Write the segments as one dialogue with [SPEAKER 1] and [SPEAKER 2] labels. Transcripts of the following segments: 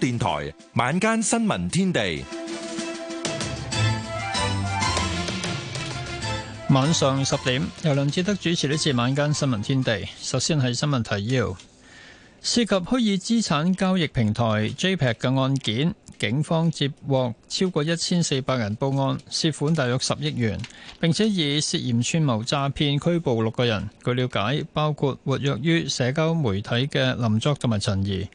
[SPEAKER 1] 電台晚間
[SPEAKER 2] 新聞天地，晚上十點由梁志德主持呢次晚間新聞天地。首先係新聞提要，涉及虛擬資產交易平台 JPEX 嘅案件，警方接獲超過一千四百人報案，涉款大約十億元，並且以涉嫌串謀詐騙拘捕六個人。據了解，包括活躍於社交媒體嘅林作同埋陳怡。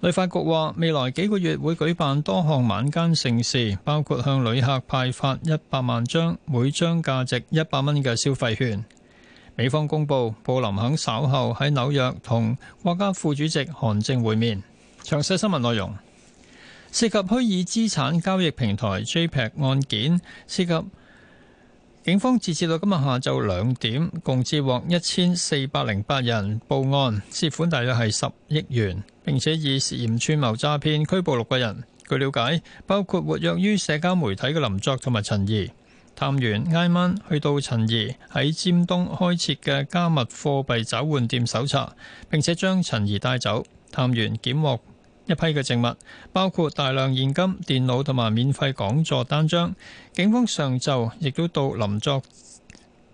[SPEAKER 2] 旅發局話，未來幾個月會舉辦多項晚間盛事，包括向旅客派發一百萬張每張價值一百蚊嘅消費券。美方公佈，布林肯稍後喺紐約同國家副主席韓正會面。詳細新聞內容涉及虛擬資產交易平台 JPEX 案件涉及。警方截至到今日下晝兩點，共接獲一千四百零八人報案，涉款大約係十億元，並且以涉嫌串謀詐騙拘捕六個人。據了解，包括活躍於社交媒體嘅林作同埋陳怡。探員挨晚去到陳怡喺尖東開設嘅加密貨幣找換店搜查，並且將陳怡帶走。探員檢獲。一批嘅證物，包括大量現金、電腦同埋免費講座單張。警方上晝亦都到林作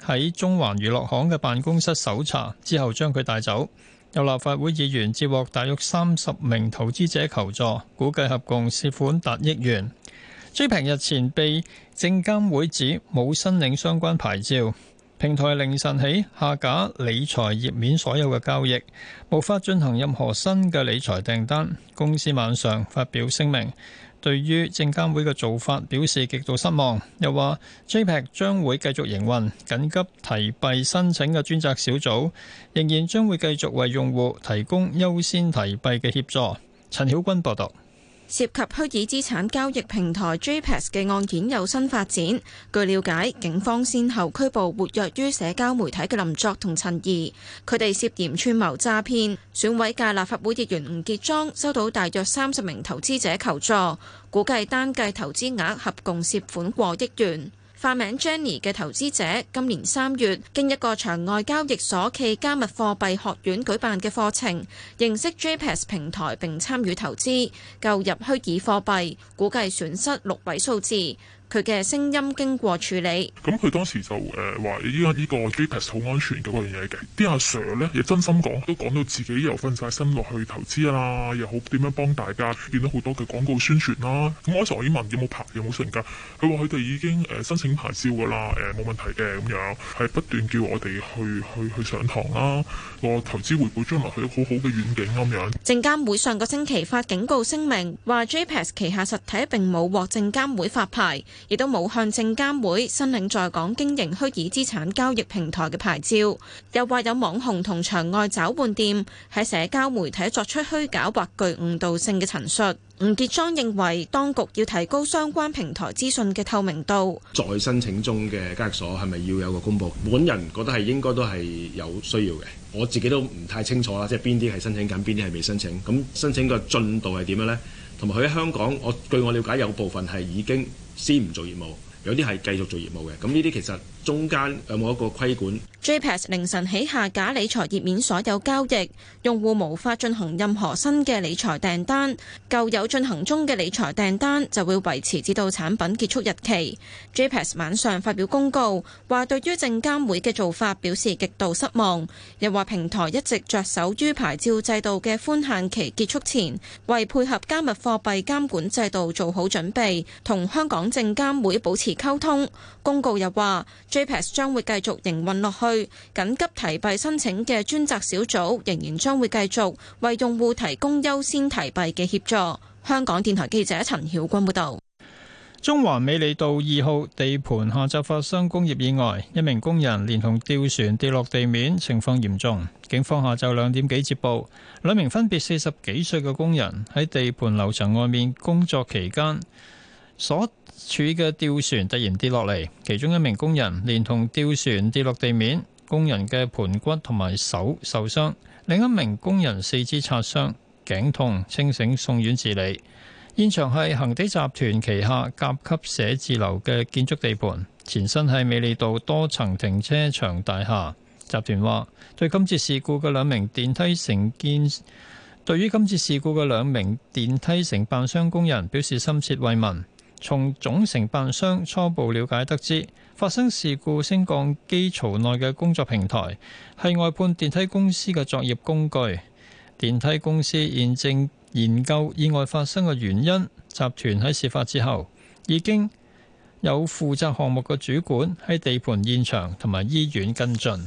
[SPEAKER 2] 喺中環娛樂行嘅辦公室搜查，之後將佢帶走。有立法會議員接獲大約三十名投資者求助，估計合共涉款達億元。追平日前被證監會指冇申領相關牌照。平台凌晨起下架理財頁面所有嘅交易，無法進行任何新嘅理財訂單，公司晚上發表聲明，對於證監會嘅做法表示極度失望，又話 JPEX 將會繼續營運，緊急提幣申請嘅專責小組仍然將會繼續為用戶提供優先提幣嘅協助。陳曉君報道。
[SPEAKER 3] 涉及虛擬資產交易平台 JPEX 嘅案件有新發展。據了解，警方先後拘捕活躍於社交媒體嘅林作同陳怡，佢哋涉嫌串謀詐騙。選委界立法會議員吳傑莊收到大約三十名投資者求助，估計單計投資額合共涉款過億元。化名 Jenny 嘅投資者，今年三月經一個場外交易所暨加密貨幣學院舉辦嘅課程認識 JPEX 平台，並參與，並參與投資購入虛擬貨幣，估計損失六位數字。佢嘅聲音經過處理，
[SPEAKER 4] 咁佢當時就誒話依家依個 JPEX 好安全嘅嗰樣嘢嘅。啲、啊、阿 Sir 咧亦真心講，都講到自己又訓晒身落去投資啦，又好點樣幫大家見到好多嘅廣告宣傳啦。咁、嗯、我嗰時我已經問有冇牌有冇成噶，佢話佢哋已經誒申請牌照噶啦，誒、呃、冇問題嘅咁樣，係不斷叫我哋去去去上堂啦。這個投資回報將來去好好嘅遠景咁樣。
[SPEAKER 3] 證監會上個星期發警告聲明，話 JPEX 旗下實體並冇獲證監會發牌。亦都冇向證監會申領在港經營虛擬資產交易平台嘅牌照，又話有網紅同場外找換店喺社交媒體作出虛假或具誤導性嘅陳述。吳傑莊認為當局要提高相關平台資訊嘅透明度，
[SPEAKER 5] 在申請中嘅交易所係咪要有個公佈，本人覺得係應該都係有需要嘅。我自己都唔太清楚啦，即係邊啲係申請緊邊啲係未申請，咁申請個進度係點樣咧？同埋佢喺香港，我，據我了解有部分係已經先唔做業務。有啲係繼續做業務嘅，咁呢啲其實中間有冇一個規管
[SPEAKER 3] ？JPS 凌晨起下架理財頁面，所有交易用戶無法進行任何新嘅理財訂單，舊有進行中嘅理財訂單就會維持至到產品結束日期。JPS 晚上發表公告，話對於證監會嘅做法表示極度失望，又話平台一直着手於牌照制度嘅寬限期結束前，為配合加密貨幣監管制度做好準備，同香港證監會保持溝通公告又話，JPS 將會繼續營運落去，緊急提幣申請嘅專責小組仍然將會繼續為用戶提供優先提幣嘅協助。香港電台記者陳曉君報道。
[SPEAKER 2] 中環美利道二號地盤下晝發生工業意外，一名工人連同吊船跌落地面，情況嚴重。警方下晝兩點幾接報，兩名分別四十幾歲嘅工人喺地盤樓層外面工作期間。所處嘅吊船突然跌落嚟，其中一名工人連同吊船跌落地面，工人嘅盆骨同埋手受傷；另一名工人四肢擦傷、頸痛，清醒送院治理。現場係恒地集團旗下甲級寫字樓嘅建築地盤，前身係美利道多層停車場大廈。集團話對今次事故嘅兩名電梯承建對於今次事故嘅兩名電梯承辦商工人表示深切慰問。從總承辦商初步了解得知，發生事故升降機槽內嘅工作平台係外判電梯公司嘅作業工具。電梯公司現正研究意外發生嘅原因。集團喺事發之後已經有負責項目嘅主管喺地盤現場同埋醫院跟進。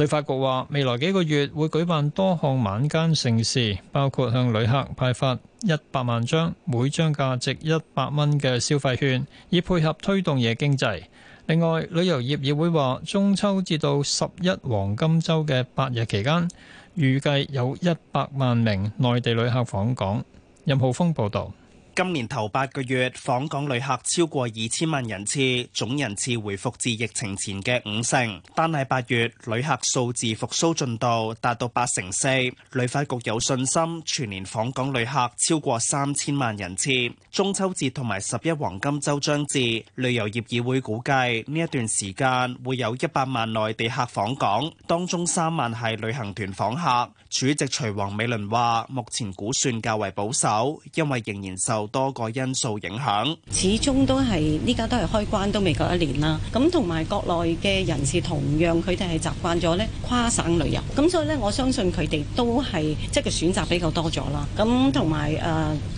[SPEAKER 2] 旅發局話，未來幾個月會舉辦多項晚間盛事，包括向旅客派發一百萬張，每張價值一百蚊嘅消費券，以配合推動夜經濟。另外，旅遊業議會話，中秋至到十一黃金周嘅八日期間，預計有一百萬名內地旅客訪港。任浩峰報道。
[SPEAKER 4] 今年頭八個月訪港旅客超過二千萬人次，總人次回復至疫情前嘅五成。單係八月，旅客數字復蘇進度達到八成四。旅發局有信心全年訪港旅客超過三千萬人次。中秋節同埋十一黃金周將至，旅遊業議會估計呢一段時間會有一百萬內地客訪港，當中三萬係旅行團訪客。主席徐王美倫話，目前估算較為保守，因為仍然受有多個因素影響，
[SPEAKER 6] 始終都係呢家都係開關都未夠一年啦。咁同埋國內嘅人士同樣，佢哋係習慣咗咧跨省旅遊，咁所以咧我相信佢哋都係即係選擇比較多咗啦。咁同埋誒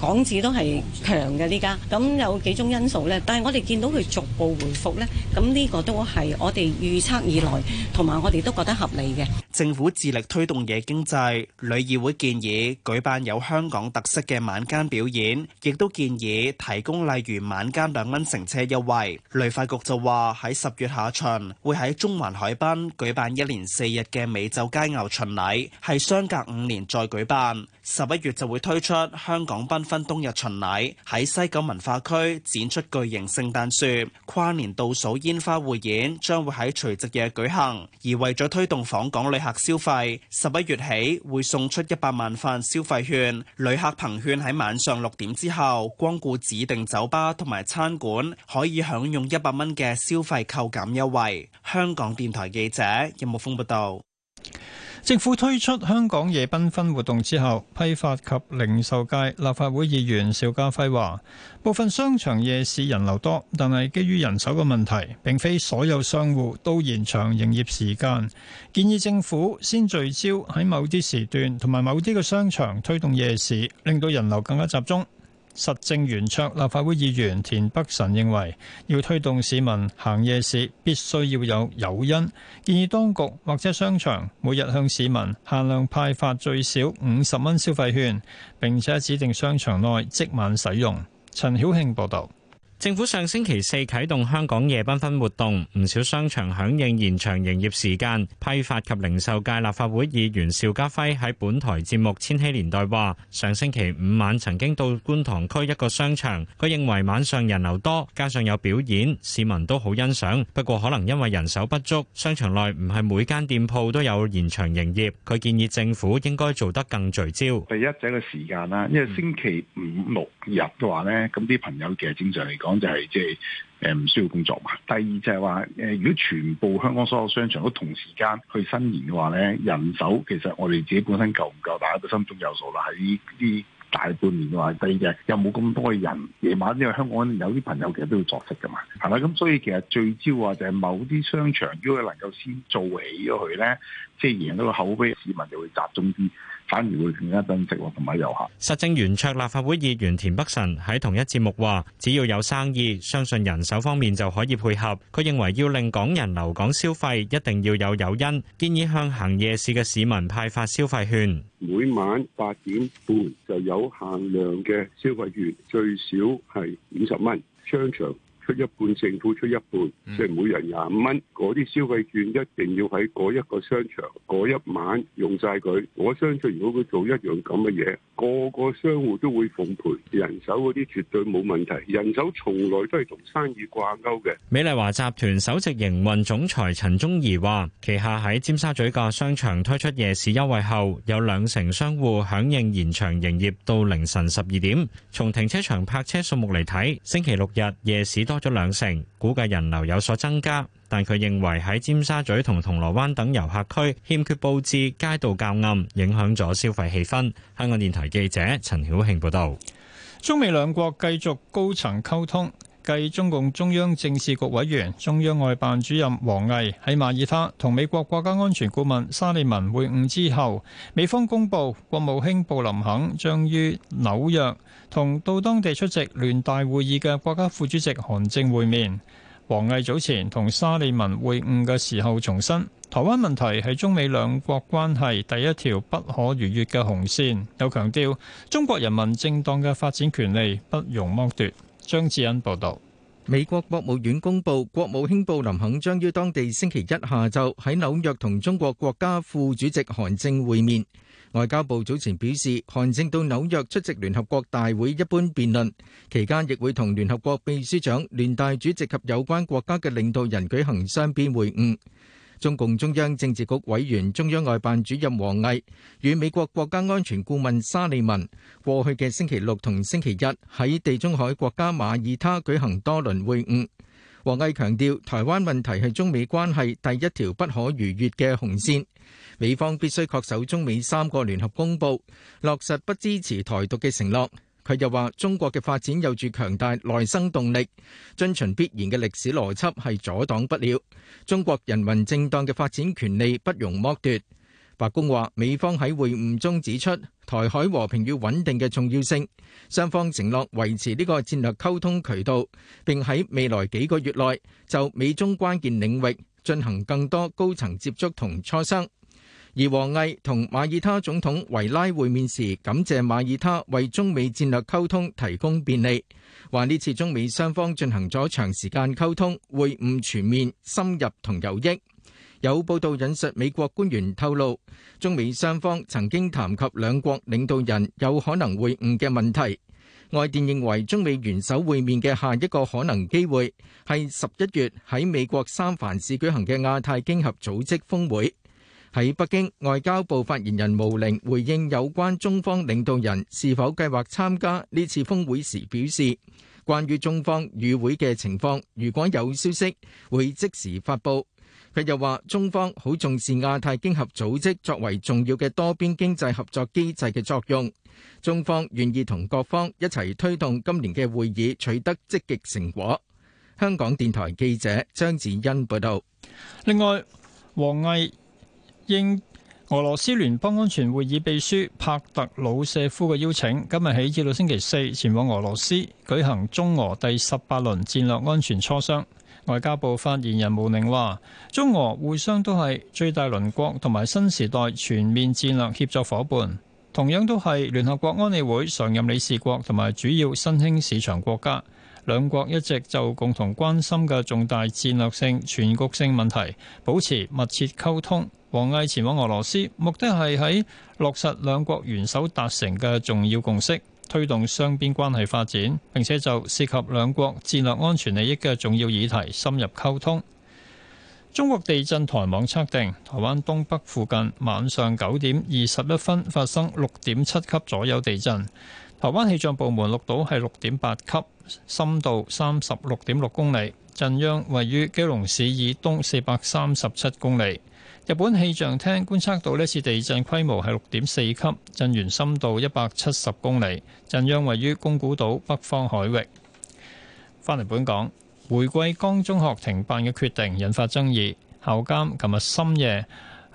[SPEAKER 6] 港紙都係強嘅呢家，咁有幾種因素咧。但係我哋見到佢逐步回復咧，咁呢個都係我哋預測以來同埋我哋都覺得合理嘅。
[SPEAKER 4] 政府致力推動夜經濟，旅議會建議舉辦有香港特色嘅晚間表演。亦都建議提供例如晚間兩蚊乘車優惠。旅發局就話喺十月下旬會喺中環海濱舉辦一連四日嘅美酒佳餚巡禮，係相隔五年再舉辦。十一月就會推出香港繽紛冬日巡禮，喺西九文化區展出巨型聖誕樹，跨年倒數煙花匯演將會喺除夕夜舉行。而為咗推動訪港旅客消費，十一月起會送出一百萬份消費券，旅客憑券喺晚上六點之後光顧指定酒吧同埋餐館，可以享用一百蚊嘅消費扣減優惠。香港電台記者任慕風報道。
[SPEAKER 2] 政府推出香港夜繽紛活動之後，批發及零售界立法會議員邵家輝話：部分商場夜市人流多，但係基於人手嘅問題，並非所有商戶都延長營業時間。建議政府先聚焦喺某啲時段同埋某啲嘅商場推動夜市，令到人流更加集中。實政圓桌立法會議員田北辰認為，要推動市民行夜市，必須要有誘因，建議當局或者商場每日向市民限量派發最少五十蚊消費券，並且指定商場內即晚使用。陳曉慶報道。政府上星期四啟動香港夜繽紛活動，唔少
[SPEAKER 7] 商場響應延長營業時間。批發及零售界立法會議員邵家輝喺本台節目《千禧年代》話，上星期五晚曾經到觀塘區一個商場，佢認為晚上人流多，加上有表演，市民都好欣賞。不過可能因為人手不足，商場內唔係每間店鋪都有延長營業。佢建議政府
[SPEAKER 8] 應該做得更聚焦。第一就係個時間啦，因為星期五六日嘅話咧，咁啲朋友其實正常嚟講。就係即係誒唔需要工作嘛。第二就係話誒，如果全部香港所有商場都同時間去伸延嘅話咧，人手其實我哋自己本身夠唔夠，大家都心中有數啦。喺呢大半年嘅話，第二日，就係，又冇咁多嘅人，夜晚因為香港有啲朋友其實都要作息嘅嘛，係啦。咁所以其實聚焦啊，就係某啲商場如果佢能夠先做起咗佢咧，即係贏到個口碑，市民就會集中啲。歡迎各位觀眾收看，我都有
[SPEAKER 7] 實政圓桌立法會議員田北辰喺同一節目話，只要有生意，相信人手方面就可以配合。佢認為要令港人留港消費一定要有誘因，建議向行夜市嘅市民派發消費券，
[SPEAKER 9] 每晚一半政府出一半，即係每人廿五蚊。嗰啲消費券一定要喺嗰一個商場嗰一晚用曬佢。我相信如果佢做一樣咁嘅嘢，個個商戶都會奉陪。人手嗰啲絕對冇問題，人手從來都係同生意掛鈎嘅。
[SPEAKER 7] 美麗華集團首席營運總裁陳忠儀話，旗下喺尖沙咀嘅商場推出夜市優惠後，有兩成商戶響應延長營業到凌晨十二點。從停車場泊車數目嚟睇，星期六日夜市多咗兩成，估計人流有所增加，但佢認為喺尖沙咀同銅鑼灣等遊客區欠缺佈置，街道較暗，
[SPEAKER 2] 影響咗消費氣氛。香港電台記者陳曉慶報道。中美兩國繼續高層溝通。繼中共中央政治局委員、中央外辦主任王毅喺馬耳他同美國國家安全顧問沙利文會晤之後，美方公布國務卿布林肯將於紐約同到當地出席聯大會議嘅國家副主席韓正會面。王毅早前同沙利文會晤嘅時候重申，台灣問題係中美兩國關係第一條不可逾越嘅紅線，又強調中國人民正當嘅發展權利不容剝奪。張志恩報道，美國國務院公布，國務卿布林肯將
[SPEAKER 1] 於當地星期一下晝喺紐約同中國國家副主席韓正會面。外交部早前表示，韓正到紐約出席聯合國大會一般辯論期間，亦會同聯合國秘書長、聯大主席及有關國家嘅領導人舉行雙邊會晤。中共中央政治局委員、中央外辦主任王佢又話：中國嘅發展有住強大內生動力，遵循必然嘅歷史邏輯係阻擋不了。中國人民正當嘅發展權利不容剝奪。白宮話，美方喺會晤中指出台海和平與穩定嘅重要性，雙方承諾維持呢個戰略溝通渠道，並喺未來幾個月內就美中關鍵領域進行更多高層接觸同磋商。而王毅同馬耳他總統維拉會面時，感謝馬耳他為中美戰略溝通提供便利，話呢次中美雙方進行咗長時間溝通，會晤全面深入同有益。有報道引述美國官員透露，中美雙方曾經談及兩國領導人有可能會晤嘅問題。外電認為，中美元首會面嘅下一個可能機會係十一月喺美國三藩市舉行嘅亞太經合組織峯會。喺北京，外交部發言人毛寧回應有關中方領導人是否計劃參加呢次峯會時表示，關於中方與會嘅情況，如果有消息會即時發佈。佢又話：中方好重視亞太經合組織作為重要嘅多邊經濟合作機制嘅作用，中方願意同各方一齊推動今年嘅會議取得積極成果。香港電台記者張子欣報道。
[SPEAKER 2] 另外，王毅應俄羅斯聯邦安全會議秘書帕特魯舍夫嘅邀請，今日起至到星期四前往俄羅斯舉行中俄第十八輪戰略安全磋商。外交部發言人毛寧話：中俄互相都係最大鄰國，同埋新時代全面戰略協作伙伴，同樣都係聯合國安理會常任理事國同埋主要新興市場國家。兩國一直就共同關心嘅重大戰略性、全局性問題保持密切溝通。王毅前往俄羅斯，目的係喺落實兩國元首達成嘅重要共識，推動雙邊關係發展，並且就涉及兩國戰略安全利益嘅重要議題深入溝通。中國地震台網測定，台灣東北附近晚上九點二十一分發生六點七級左右地震。台灣氣象部門錄到係六點八級，深度三十六點六公里，震央位於基隆市以東四百三十七公里。日本氣象廳觀測到呢次地震規模係六點四級，震源深度一百七十公里，震央位於宮古島北方海域。翻嚟本港，回歸江中學停辦嘅決定引發爭議，校監琴日深夜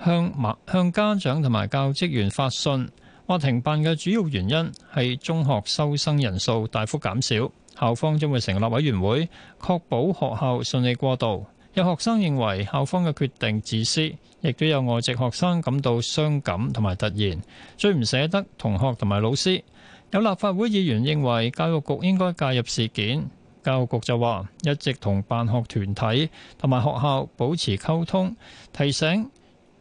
[SPEAKER 2] 向馬向家長同埋教職員發信，話停辦嘅主要原因係中學收生人數大幅減少，校方將會成立委員會確保學校順利過渡。有學生認為校方嘅決定自私。亦都有外籍學生感到傷感同埋突然，最唔捨得同學同埋老師。有立法會議員認為教育局應該介入事件，教育局就話一直同辦學團體同埋學校保持溝通，提醒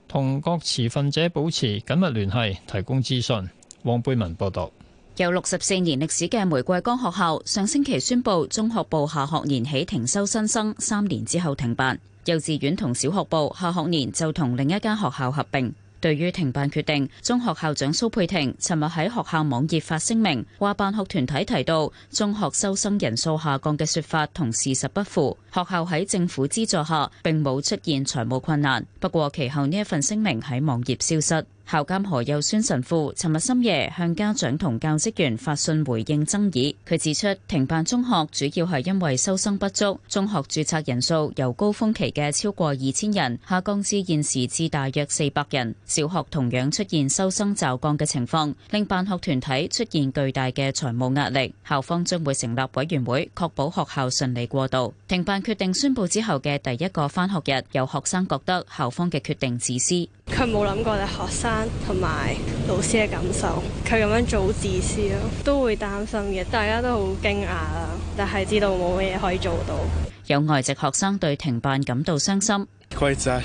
[SPEAKER 2] 同各持份者保持緊密聯繫，提供資訊。黃貝文報道，
[SPEAKER 10] 有六十四年歷史嘅玫瑰崗學校上星期宣布中學部下學年起停收新生，三年之後停辦。幼稚園同小學部下學年就同另一間學校合併。對於停辦決定，中學校長蘇佩婷尋日喺學校網頁發聲明，話辦學團體提到中學收生人數下降嘅説法同事實不符，學校喺政府資助下並冇出現財務困難。不過其後呢一份聲明喺網頁消失。校監何佑宣神父尋日深夜向家長同教職員發信回應爭議。佢指出停辦中學主要係因為收生不足，中學注冊人數由高峰期嘅超過二千人下降至現時至大約四百人。小學同樣出現收生驟降嘅情況，令辦學團體出現巨大嘅財務壓力。校方將會成立委員會，確保學校順利過渡。停辦決定宣布之後嘅第一個翻學日，有學生覺得校方嘅決定自私。
[SPEAKER 11] 佢冇諗過學生。同埋老師嘅感受，佢咁樣做自私咯，都會擔心嘅，大家都好驚訝啊，但係知道冇乜嘢可以做到。
[SPEAKER 10] 有外籍學生對停辦感到傷
[SPEAKER 1] 心，Quite sad.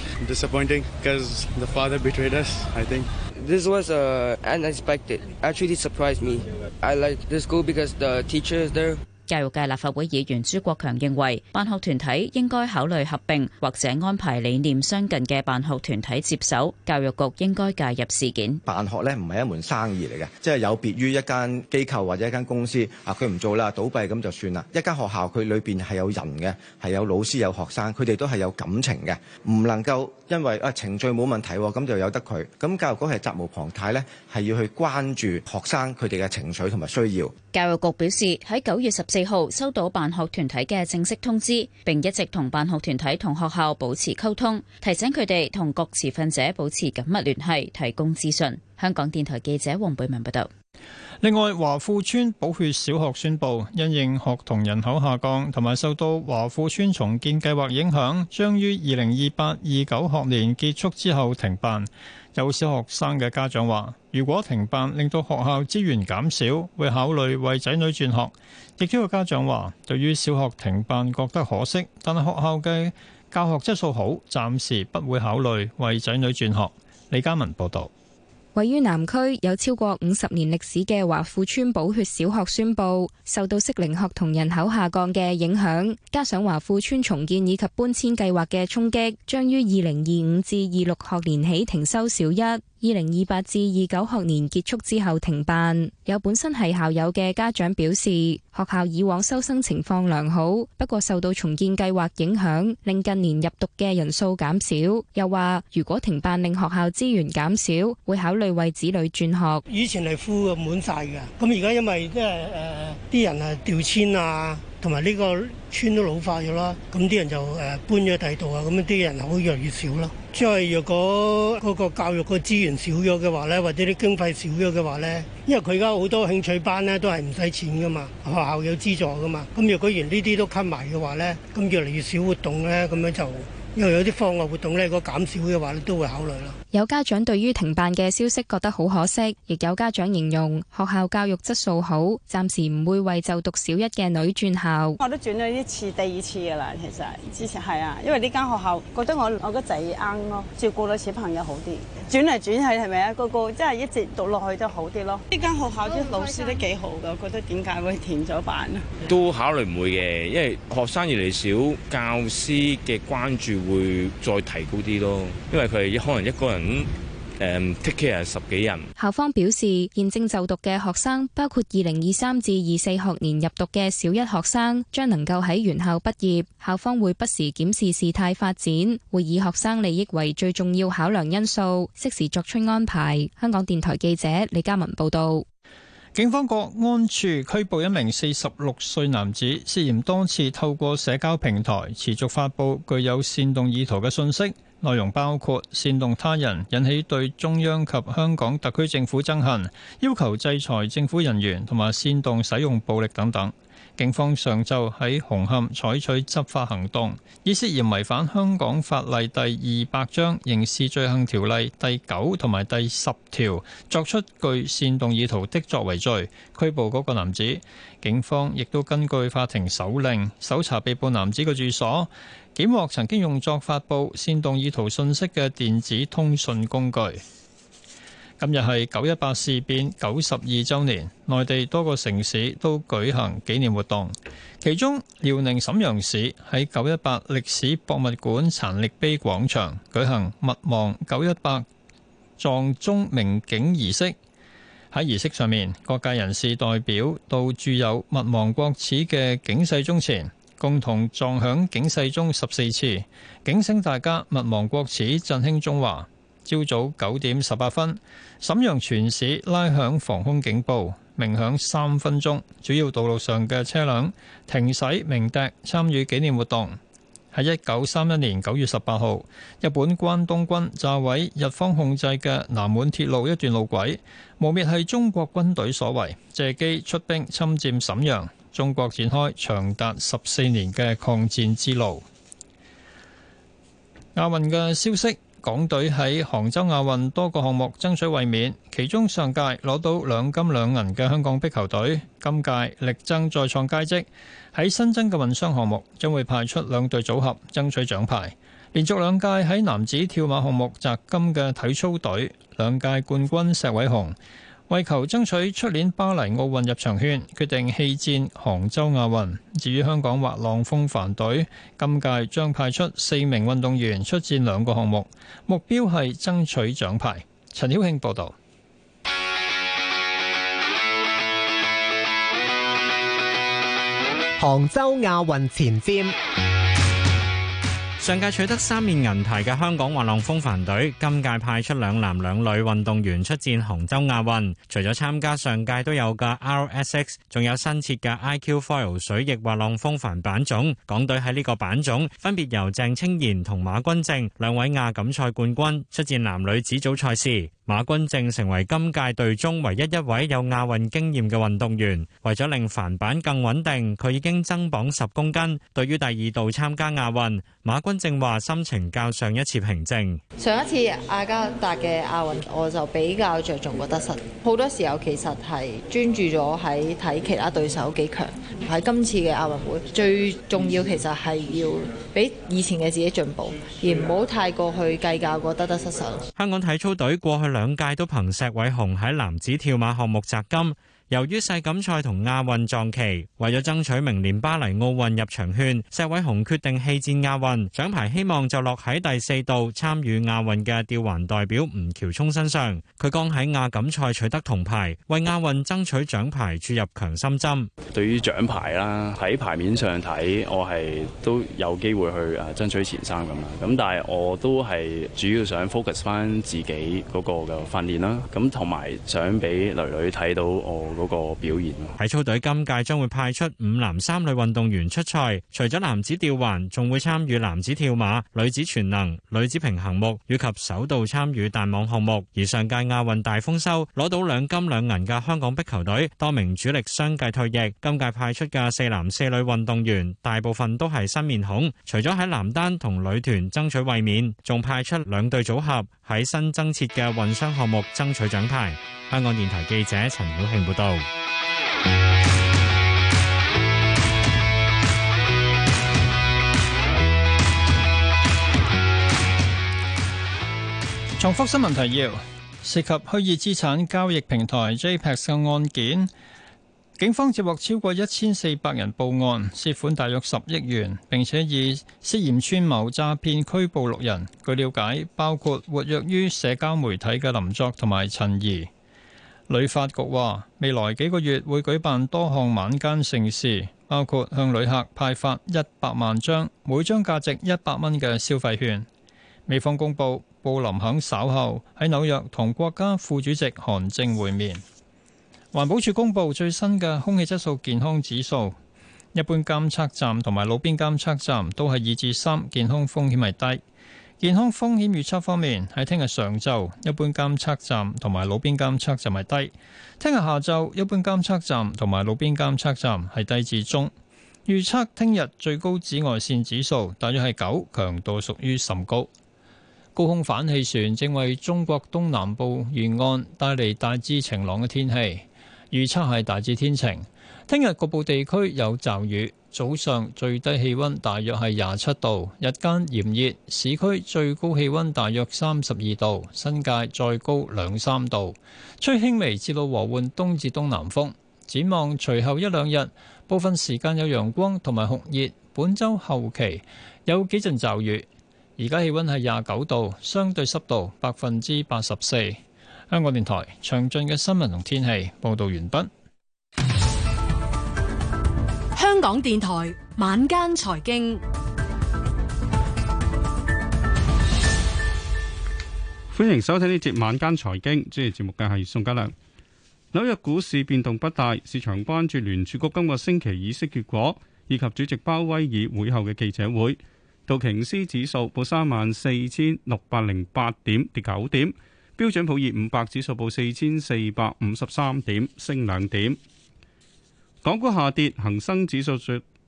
[SPEAKER 10] 教育界立法會議員朱國強認為，辦學團體應該考慮合併，或者安排理念相近嘅辦學團體接手，教育局應該介入事件。辦學呢
[SPEAKER 1] 唔係一門生意嚟嘅，即係有別於一間機構或者一間公司啊，佢唔做啦，倒閉咁就算啦。一間學校佢裏邊係有人嘅，係有老師有學生，佢哋都係有感情嘅，唔能夠因為啊程序冇問題咁就由得佢。咁教育局係責無旁貸呢，係要去關注學生佢哋嘅情緒同埋需要。
[SPEAKER 10] 教育局表示喺九月十四4號收到辦學團體嘅正式通知，並一直同辦學團體同學校保持溝通，提醒佢哋同各持份者保持緊密聯繫，提供資訊。香港電台記者黃貝文報道。
[SPEAKER 2] 另外，華富邨寶血小學宣布，因應學童人口下降，同埋受到華富邨重建計劃影響，將於二零二八、二九學年結束之後停辦。有小學生嘅家長話，如果停辦令到學校資源減少，會考慮為仔女轉學，亦都有家長話對於小學停辦覺得可惜，但係學校嘅教學質素好，暫時不會考慮為仔女轉學，李嘉文報道。
[SPEAKER 12] 位於南區有超過五十年歷史嘅華富村寶血小學宣布，受到適齡學童人口下降嘅影響，加上華富村重建以及搬遷計劃嘅衝擊，將於二零二五至二六學年起停收小一。二零二八至二九學年結束之後停辦，有本身係校友嘅家長表示，學校以往收生情況良好，不過受到重建計劃影響，令近年入讀嘅人數減少。又話如果停辦令學校資源減少，會考慮為子女
[SPEAKER 4] 轉學。以前係 full 咁滿晒嘅，咁而家因為即係誒啲人啊調遷啊。同埋呢個村都老化咗啦，咁啲人就誒搬咗第度啊，咁樣啲人會越嚟越少咯。即係若果嗰個教育個資源少咗嘅話咧，或者啲經費少咗嘅話咧，因為佢而家好多興趣班咧都係唔使錢噶嘛，學校有資助噶嘛，咁若果連呢啲都吸埋嘅話咧，咁越嚟越少活動咧，咁樣就。因為有啲課外活動咧，個減少嘅話，咧都會考慮咯。
[SPEAKER 12] 有家長對於停辦嘅消息覺得好可惜，亦有家長形容學校教育質素好，暫時唔會為就讀小一嘅女轉校。
[SPEAKER 11] 我都轉咗一次、第二次噶啦，其實之前係啊，因為呢間學校覺得我我個仔啱咯，照顧到小朋友好啲。轉嚟轉去係咪啊？嗰個即係一直讀落去就好啲咯。呢間學校啲、哦、老師都幾好噶，覺得點解會停咗辦啊？
[SPEAKER 7] 都考慮唔會嘅，因為學生越嚟越少，教師嘅關注。會再提高啲咯，因為佢可能一個人誒 take care 十幾人。
[SPEAKER 12] 校方表示，現正就讀嘅學生，包括二零二三至二四學年入讀嘅小一學生，將能夠喺原校畢業。校方會不時檢視事態發展，會以學生利益為最重要考量因素，適時作出安排。香港電台記者李嘉文報道。
[SPEAKER 2] 警方國安處拘捕一名四十六歲男子，涉嫌多次透過社交平台持續發布具有煽動意圖嘅信息，內容包括煽動他人引起對中央及香港特區政府憎恨，要求制裁政府人員同埋煽動使用暴力等等。警方上晝喺紅磡採取執法行動，以涉嫌違反香港法例第二百章《刑事罪行條例》第九同埋第十條，作出具煽動意圖的作為罪，拘捕嗰個男子。警方亦都根據法庭手令搜查被捕男子嘅住所，檢獲曾經用作發布煽動意圖信息嘅電子通訊工具。今日係九一八事變九十二週年，內地多個城市都舉行紀念活動。其中，遼寧瀋陽市喺九一八歷史博物館殘歷碑廣場舉行勿忘九一八撞鐘鳴警儀式。喺儀式上面，各界人士代表到駐有勿忘國恥嘅警世鐘前，共同撞響警世鐘十四次，警醒大家勿忘國恥，振興中華。朝早九點十八分，瀋陽全市拉響防空警報，鳴響三分鐘。主要道路上嘅車輛停駛鳴笛，參與紀念活動。喺一九三一年九月十八號，日本關東軍炸毀日方控制嘅南滿鐵路一段路軌，誣衊係中國軍隊所為，借機出兵侵佔瀋陽。中國展開長達十四年嘅抗戰之路。亞運嘅消息。港隊喺杭州亞運多個項目爭取衛冕，其中上屆攞到兩金兩銀嘅香港壁球隊，今屆力爭再創佳績。喺新增嘅混雙項目，將會派出兩隊組合爭取獎牌。連續兩屆喺男子跳馬項目摘金嘅體操隊，兩屆冠軍石偉雄，為求爭取出年巴黎奧運入場券，決定棄戰杭州亞運。至於香港滑浪風帆隊，今屆將派出四名運動員出戰兩個項目，目標係爭取獎牌。陳曉慶報道。
[SPEAKER 4] 杭州亞運前瞻。
[SPEAKER 7] 上屆取得三面銀牌嘅香港滑浪風帆隊，今屆派出兩男兩女運動員出戰杭州亞運。除咗參加上屆都有嘅 RSX，仲有新設嘅 IQFoil 水翼滑浪風帆版種。港隊喺呢個版種分別由鄭青賢同馬君正兩位亞錦賽冠軍出戰男女子組賽事。馬君正成為今屆隊中唯一一位有亞運經驗嘅運動員。為咗令帆板更穩定，佢已經增磅十公斤。對於第二度參加亞運，馬君正話心情較上一次平靜。
[SPEAKER 11] 上一次雅加達嘅亞運，我就比較着重個得失。好多時候其實係專注咗喺睇其他對手幾強。喺今次嘅亞運會，最重要其實係要比以前嘅自己進步，而唔好太過去計較個得得失失。
[SPEAKER 7] 香港體操隊，隊過去兩屆都憑石偉雄喺男子跳馬項目摘金。由於世錦賽同亞運撞期，為咗爭取明年巴黎奧運入場券，石偉雄決定棄戰亞運，獎牌希望就落喺第四度參與亞運嘅吊環代表吳翹充身上。佢剛喺亞錦賽取得銅牌，為亞運爭取獎牌注入強心針。
[SPEAKER 9] 對於獎牌啦，喺牌面上睇，我係都有機會去誒爭取前三咁啦。咁但係我都係主要想 focus 翻自己嗰個嘅訓練啦。咁同埋想俾女女睇到我。
[SPEAKER 7] 不過表現，體操隊今屆將會派出
[SPEAKER 2] 重複新聞提要：涉及虛擬資產交易平台 JPEX 嘅案件，警方接獲超過一千四百人報案，涉款大約十億元，並且以涉嫌串謀詐騙拘捕六人。據了解，包括活躍於社交媒體嘅林作同埋陳怡。旅發局話，未來幾個月會舉辦多項晚間盛事，包括向旅客派發一百萬張每張價值一百蚊嘅消費券。美方公佈，布林肯稍後喺紐約同國家副主席韓正會面。環保署公佈最新嘅空氣質素健康指數，一般監測站同埋路邊監測站都係二至三，健康風險係低。健康風險預測方面，喺聽日上晝，一般監測站同埋路邊監測站係低；聽日下晝，一般監測站同埋路邊監測站係低至中。預測聽日最高紫外線指數大約係九，強度屬於甚高。高空反氣旋正為中國東南部沿岸帶嚟大致晴朗嘅天氣，預測係大致天晴。聽日局部地區有驟雨。早上最低氣溫大約係廿七度，日間炎熱，市區最高氣溫大約三十二度，新界再高兩三度，吹輕微至到和緩東至東南風，展望隨後一兩日，部分時間有陽光同埋酷熱，本周後期有幾陣驟雨。而家氣溫係廿九度，相對濕度百分之八十四。香港電台詳盡嘅新聞同天氣報道完畢。
[SPEAKER 13] 香港電台晚間財經，
[SPEAKER 9] 歡迎收聽呢節晚間財經。主持節目嘅係宋家良。紐約股市變動不大，市場關注聯儲局今個星期議息結果以及主席鮑威爾會後嘅記者會。道瓊斯指數報三萬四千六百零八點，跌九點；標準普爾五百指數報四千四百五十三點，升兩點。港股下跌，恒生指數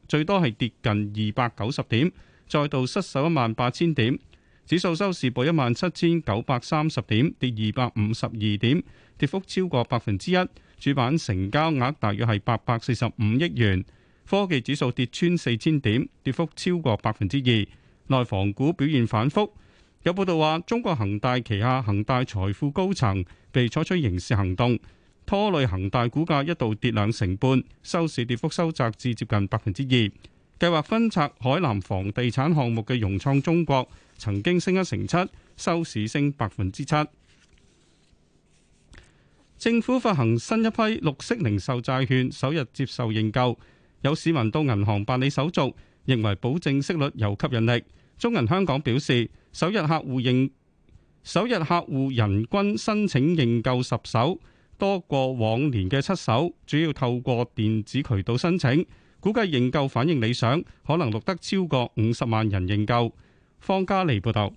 [SPEAKER 9] 最多係跌近二百九十點，再度失守一萬八千點。指數收市報一萬七千九百三十點，跌二百五十二點，跌幅超過百分之一。主板成交額大約係八百四十五億元。科技指數跌穿四千點，跌幅超過百分之二。內房股表現反覆，有報道話，中國恒大旗下恒大財富高層被採取刑事行動。拖累恒大股價一度跌兩成半，收市跌幅收窄至接近百分之二。計劃分拆海南房地產項目嘅融創中國曾經升一成七，收市升百分之七。政府發行新一批綠色零售債券，首日接受認購，有市民到銀行辦理手續，認為保證息率有吸引力。中銀香港表示，首日客戶認首日客戶人均申請認購十手。多過往年嘅七手，主要透過電子渠道申請，估計認購反應理想，可能錄得超過五十萬人認購。方家莉報導，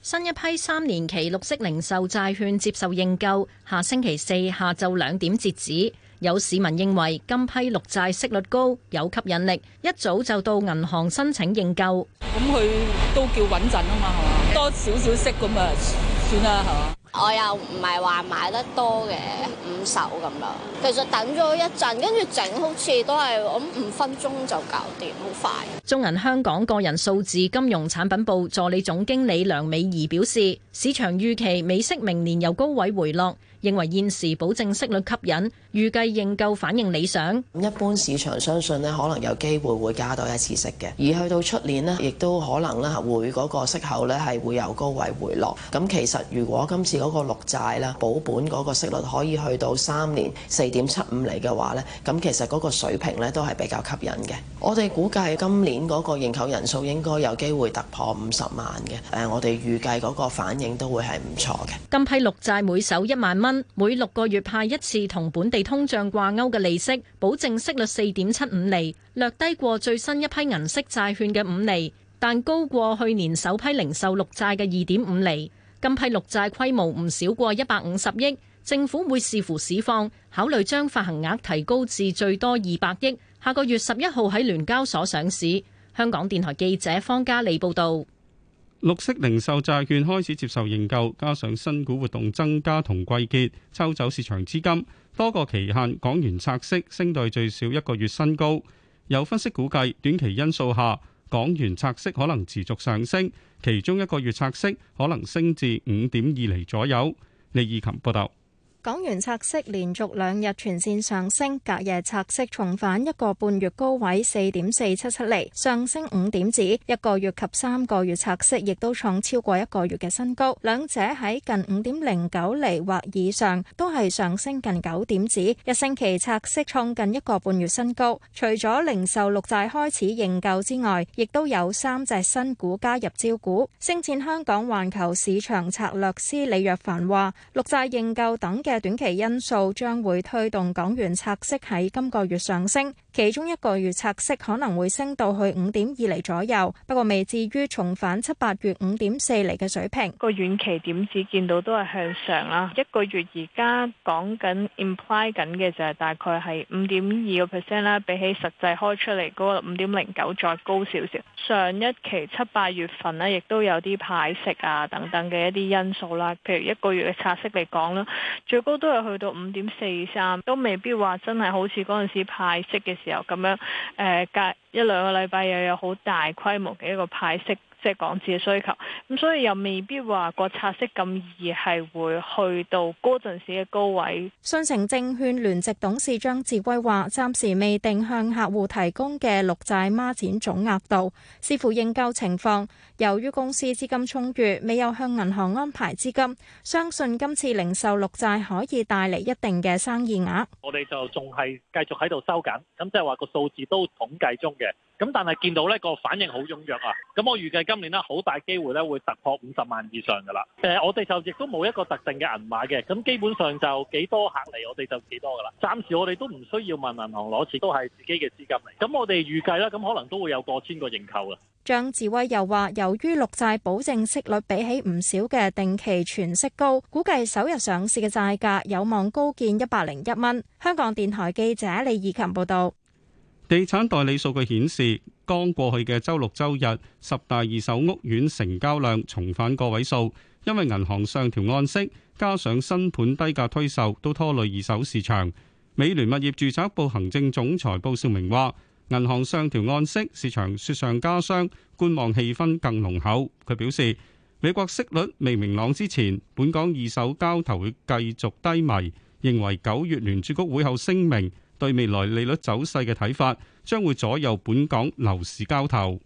[SPEAKER 6] 新一批三年期綠色零售債券接受認購，下星期四下晝兩點截止。有市民認為今批綠債息率高，有吸引力，一早就到銀行申請認購。咁佢都叫穩陣啊嘛，係嘛？多少少息咁啊。我又唔係話買得多嘅五手咁咯，其實等咗一陣，跟住整好似都係我五分鐘就搞掂，好快。中銀香港個人數字金融產品部助理總經理梁美儀表示，市場預期美息明年由高位回落，認為現時保證息率吸引。預計認購反應理想，一般市場相信咧，可能有機會會加多一次息嘅。而去到出年咧，亦都可能咧，會嗰個息口咧係會由高位回落。咁其實如果今次嗰個綠債保本嗰個息率可以去到三年四點七五釐嘅話咧，咁其實嗰個水平咧都係比較吸引嘅。我哋估計今年嗰個認購人數應該有機會突破五十萬嘅。誒，我哋預計嗰個反應都會係唔錯嘅。今批綠債每手一萬蚊，每六個月派一次同本地通脹掛鈎嘅利息保證息率四點七五厘，略低過最新一批銀色債券嘅五厘，但高過去年首批零售綠債嘅二點五厘。近批綠債規模唔少過一百五十億，政府會視乎市況考慮將發行額提高至最多二百億。下個月十一號喺聯交所上市。香港電台記者方嘉利報道。
[SPEAKER 9] 綠色零售債券開始接受認購，加上新股活動增加同季結抽走市場資金，多個期限港元拆息升到最少一個月新高。有分析估計，短期因素下港元拆息可能持續上升，其中一個月拆息可能升至五點二厘左右。李以琴報道。
[SPEAKER 11] 港元拆息連續兩日全線上升，隔夜拆息重返一個半月高位四點四七七厘，上升五點子。一個月及三個月拆息亦都創超過一個月嘅新高。兩者喺近五點零九厘或以上，都係上升近九點子。一星期拆息創近一個半月新高。除咗零售綠債開始認購之外，亦都有三隻新股加入招股。星展香港環球市場策略師李若凡話：綠債認購等嘅，嘅短期因素將會推動港元拆息喺今個月上升，其中一個月拆息可能會升到去五點二厘左右，不過未至於重返七八月五點四厘嘅水平。個遠期點子見到都係向上啦。一個月而家講緊 imply 緊嘅就係大概係五點二個 percent 啦，比起實際開出嚟嗰個五點零九再高少少。上一期七八月份呢，亦都有啲派息啊等等嘅一啲因素啦，譬如一個月嘅拆息嚟講啦，最高都係去到五點四三，都未必話真係好似嗰陣時派息嘅時候咁樣，誒、呃、隔一兩個禮拜又有好大規模嘅一個派息。即係港紙嘅需求，咁所以又未必話個拆息咁易係會去到嗰陣時嘅高位。信誠證券聯席董事張志威話：暫時未定向客戶提供嘅綠債孖展總額度，視乎應交情況。由於公司資金充裕，未有向銀行安排資金，相信今次零售綠債可以帶嚟一定嘅生意額。
[SPEAKER 7] 我哋就仲係繼續喺度收緊，咁即係話個數字都統計中嘅，咁但係見到呢個反應好踴躍啊！咁我預計今。今年咧好大機會咧會突破五十萬以上噶啦。誒，我哋就亦都冇一個特定嘅銀碼嘅，咁基本上就幾多客嚟，我哋就幾多噶啦。暫時我哋都唔需要問銀行攞錢，都係自己嘅資金嚟。咁我哋預計啦，咁可能都會有過千個認購嘅。
[SPEAKER 11] 張志威又話，由於綠債保證息率比起唔少嘅定期存息高，估計首日上市嘅債價有望高見一百零一蚊。香港電台記者李以琴報道。
[SPEAKER 9] 地產代理數據顯示，剛過去嘅周六、周日，十大二手屋苑成交量重返個位數，因為銀行上調按息，加上新盤低價推售，都拖累二手市場。美聯物業住宅部行政總裁布少明話：銀行上調按息，市場雪上加霜，觀望氣氛更濃厚。佢表示，美國息率未明朗之前，本港二手交投會繼續低迷，認為九月聯儲局會後聲明對未來利率走勢嘅睇法，將會左右本港樓市交投。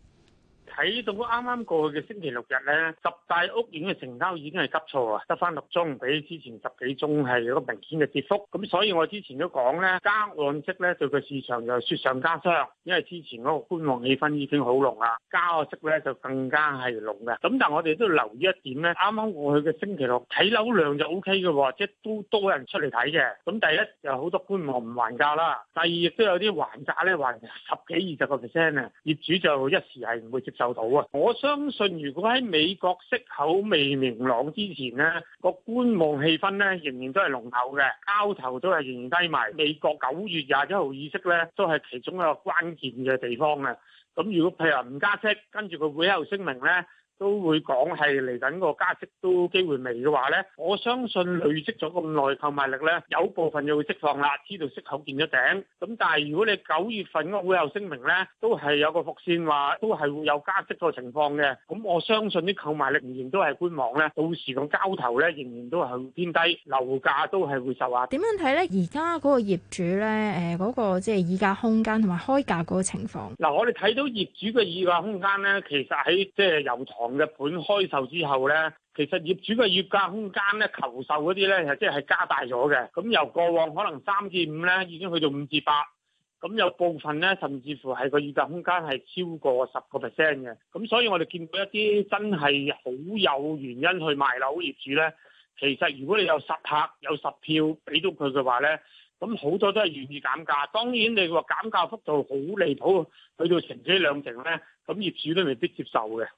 [SPEAKER 8] 喺到啱啱過去嘅星期六日咧，十大屋苑嘅成交已經係急挫啊，得翻六宗，比之前十幾宗係有個明顯嘅跌幅。咁所以我之前都講咧，加按息咧對個市場就雪上加霜，因為之前嗰個觀望氣氛已經好濃啦，加按息咧就更加係濃嘅。咁但係我哋都留意一點咧，啱啱過去嘅星期六睇樓量就 O K 嘅喎，即係都多人出嚟睇嘅。咁第一就好多觀望唔還價啦，第二亦都有啲還價咧還十幾二十個 percent 啊，業主就一時係唔會接受。到啊！我相信如果喺美國息口未明朗之前咧，個觀望氣氛咧仍然都係濃厚嘅，交投都係仍然低埋。美國九月廿一號議息呢，都係其中一個關鍵嘅地方嘅。咁如果譬如話唔加息，跟住佢會喺度聲明呢。都會講係嚟緊個加息都機會微嘅話咧，我相信累積咗咁耐購買力咧，有部分就會釋放啦，知道息口見咗頂。咁但係如果你九月份嗰個會後聲明咧，都係有個伏線話，都係會有加息個情況嘅。咁我相信啲購買力仍然都係觀望咧，到時個交投咧仍然都係會偏低，樓價都係會受壓。點樣睇咧？
[SPEAKER 11] 而家嗰個業主咧，誒、那、嗰個即係議價空間同埋開價嗰個情況。
[SPEAKER 8] 嗱、呃，我哋睇到業主嘅議價空間咧，其實喺即係有台。廠。同日本開售之後咧，其實業主嘅議價空間咧，求售嗰啲咧係即係加大咗嘅。咁由過往可能三至五咧，已經去到五至八。咁有部分咧，甚至乎係個議價空間係超過十個 percent 嘅。咁所以我哋見到一啲真係好有原因去賣樓業主咧，其實如果你有十客有十票俾到佢嘅話咧，咁好多都係願意減價。當然你話減價幅度好離譜，去到成車兩成咧，咁業主都未必接受嘅。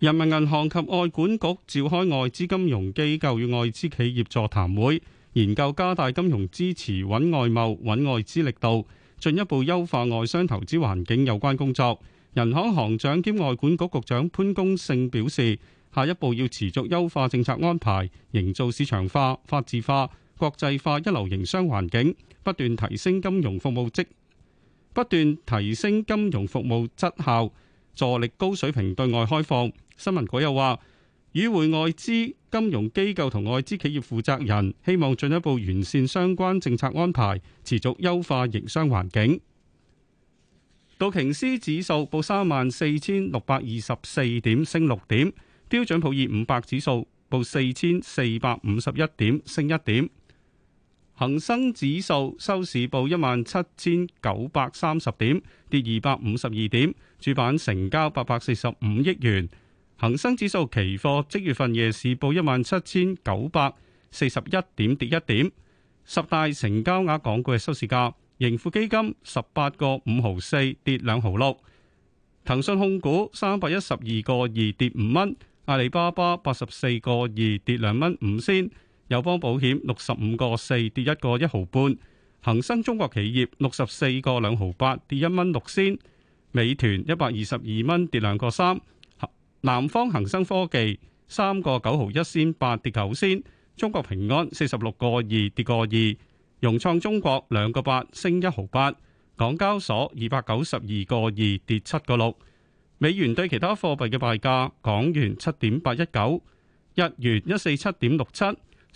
[SPEAKER 9] 人民銀行及外管局召開外資金融機構與外資企業座談會，研究加大金融支持、穩外貿、穩外資力度，進一步優化外商投資環境有關工作。人行行長兼外管局局長潘功勝表示，下一步要持續優化政策安排，營造市場化、法治化、國際化一流營商環境，不斷提升金融服務質，不斷提升金融服務質效，助力高水平對外開放。新聞稿又話，與會外資金融機構同外資企業負責人希望進一步完善相關政策安排，持續優化營商環境。道瓊斯指數報三萬四千六百二十四點，升六點；標準普爾五百指數報四千四百五十一點，升一點。恒生指數收市報一萬七千九百三十點，跌二百五十二點，主板成交八百四十五億元。恒生指數期貨即月份夜市報一萬七千九百四十一點，跌一點。十大成交額港股嘅收市價：盈富基金十八個五毫四，跌兩毫六；騰訊控股三百一十二個二，跌五蚊；阿里巴巴八十四個二，跌兩蚊五仙；友邦保險六十五個四，跌一個一毫半；恒生中國企業六十四個兩毫八，跌一蚊六仙；美團一百二十二蚊，跌兩個三。南方恒生科技三個九毫一先八，跌九仙，中國平安四十六個二，跌個二，融創中國兩個八，升一毫八，港交所二百九十二個二，跌七個六，美元對其他貨幣嘅賣價港元七點八一九，日元一四七點六七，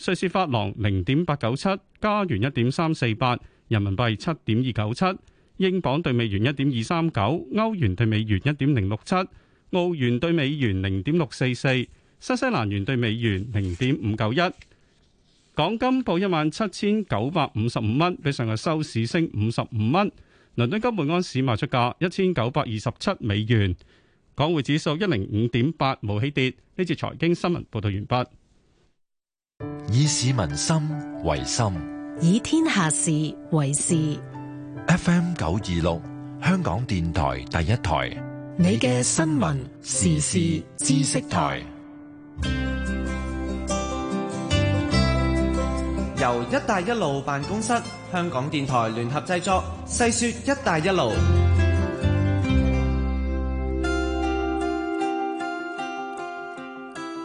[SPEAKER 9] 瑞士法郎零點八九七，加元一點三四八，人民幣七點二九七，英鎊兌美元一點二三九，歐元兌美元一點零六七。澳元兌美元零點六四四，新西蘭元兌美元零點五九一。港金報一萬七千九百五十五蚊，比上日收市升五十五蚊。倫敦金每安市賣出價一千九百二十七美元。港匯指數一零五點八，冇起跌。呢次財經新聞報道完畢。以市民心為心，
[SPEAKER 4] 以天下事為事。FM
[SPEAKER 5] 九二六，香港電台第一台。
[SPEAKER 4] 你嘅新聞時事知識台，由“一帶一路”辦公室、香港電台聯合製作，細說“一帶一路”。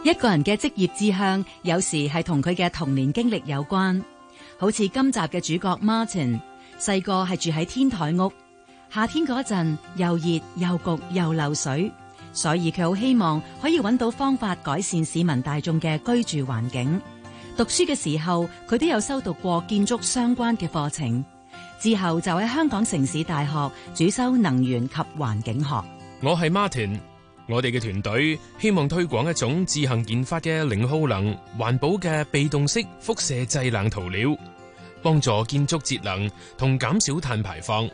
[SPEAKER 13] 一個人嘅職業志向，有時係同佢嘅童年經歷有關。好似今集嘅主角 Martin，細個係住喺天台屋。夏天嗰陣又熱又焗又漏水，所以佢好希望可以揾到方法改善市民大眾嘅居住環境。讀書嘅時候佢都有修讀過建築相關嘅課程，之後就喺香港城市大學主修能源及環境學。
[SPEAKER 5] 我係 Martin，我哋嘅團隊希望推廣一種自行研發嘅零耗能環保嘅被動式輻射製冷塗料，幫助建築節能同減少碳排放。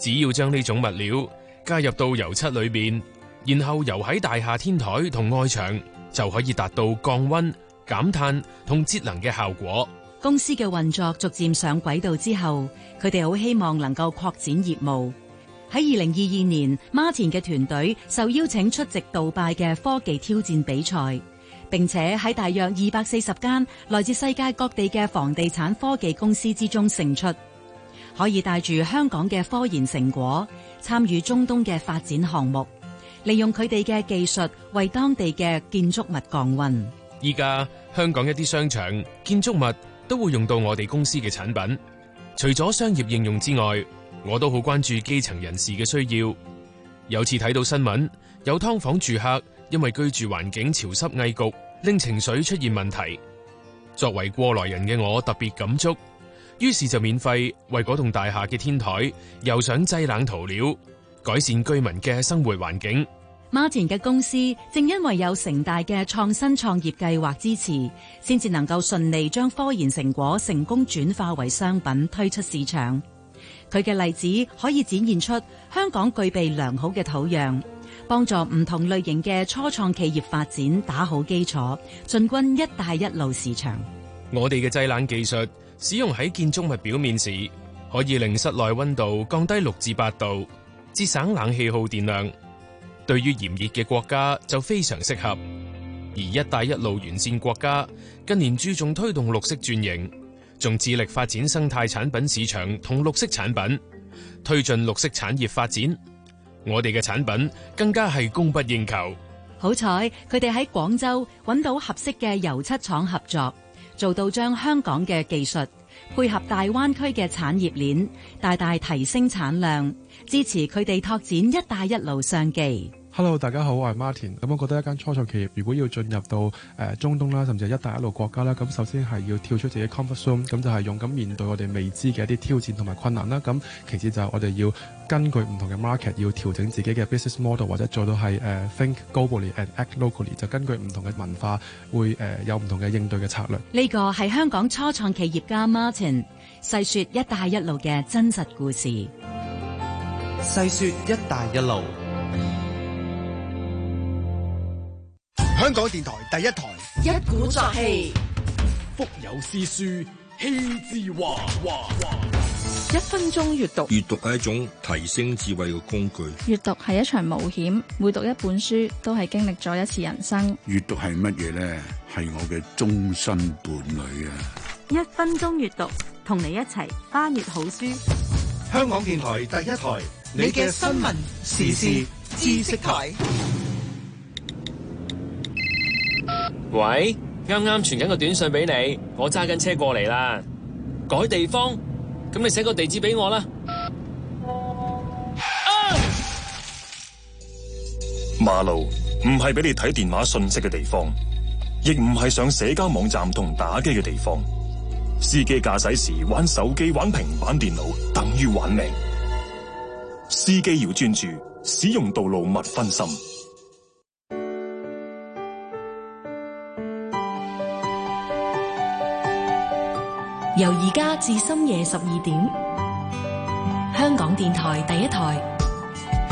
[SPEAKER 5] 只要將呢種物料加入到油漆裏面，然後油喺大廈天台同外牆，就可以達到降温、減碳同節能嘅效果。
[SPEAKER 13] 公司嘅運作逐漸上軌道之後，佢哋好希望能夠擴展業務。喺二零二二年，Martin 嘅團隊受邀請出席杜拜嘅科技挑戰比賽，並且喺大約二百四十間來自世界各地嘅房地產科技公司之中勝出。可以帶住香港嘅科研成果參與中東嘅發展項目，利用佢哋嘅技術為當地嘅建築物降溫。
[SPEAKER 5] 依家香港一啲商場建築物都會用到我哋公司嘅產品。除咗商業應用之外，我都好關注基層人士嘅需要。有次睇到新聞，有劏房住客因為居住環境潮濕翳焗，令情緒出現問題。作為過來人嘅我，特別感觸。於是就免費為嗰棟大廈嘅天台又上製冷塗料，改善居民嘅生活環境。
[SPEAKER 13] 馬田嘅公司正因為有城大嘅創新創業計劃支持，先至能夠順利將科研成果成功轉化為商品推出市場。佢嘅例子可以展現出香港具備良好嘅土壤，幫助唔同類型嘅初創企業發展打好基礎，進軍一帶一路市場。
[SPEAKER 5] 我哋嘅製冷技術。使用喺建築物表面時，可以令室內溫度降低六至八度，節省冷氣耗電量。對於炎熱嘅國家就非常適合。而一帶一路沿線國家近年注重推動綠色轉型，仲致力發展生態產品市場同綠色產品，推進綠色產業發展。我哋嘅產品更加係供不應求。
[SPEAKER 13] 好彩，佢哋喺廣州揾到合適嘅油漆廠合作。做到將香港嘅技術配合大灣區嘅產業鏈，大大提升產量，支持佢哋拓展一帶一路商機。
[SPEAKER 5] Hello，大家好，我係 Martin。咁、嗯、我覺得一間初創企業如果要進入到誒、呃、中東啦，甚至係一帶一路國家啦，咁、嗯、首先係要跳出自己 comfort zone，咁、嗯、就係勇敢面對我哋未知嘅一啲挑戰同埋困難啦。咁、嗯、其次就係我哋要根據唔同嘅 market，要調整自己嘅 business model，或者做到係誒、呃、think globally and act locally，就根據唔同嘅文化會誒、呃、有唔同嘅應對嘅策略。
[SPEAKER 13] 呢個係香港初創企業家 Martin 細說一帶一路嘅真實故事，細說一
[SPEAKER 4] 帶一路。香港電台第一台，
[SPEAKER 5] 一鼓作氣，腹有詩書氣自華。之華
[SPEAKER 7] 華華。一分鐘閱讀，閱讀係一種提升智慧嘅工具。
[SPEAKER 11] 閱讀係一場冒險，每讀一本書都係經歷咗一次人生。
[SPEAKER 8] 閱讀係乜嘢呢？係我嘅終身伴侶啊！一
[SPEAKER 13] 分鐘閱讀，同你一齊翻閱好書。
[SPEAKER 8] 香港電台第一台，你嘅新聞
[SPEAKER 4] 時事知識台。
[SPEAKER 5] 喂，啱啱傳緊個短信俾你，我揸緊車過嚟啦。改地方，咁你寫個地址俾我啦。啊、馬路唔係俾你睇電話信息嘅地方，亦唔係上社交網站同打機嘅地方。司機駕駛時玩手機、玩平板電腦，等於玩命。司機要專注，使用道路勿分心。
[SPEAKER 13] 由而家至深夜十二點，香港電台第一台。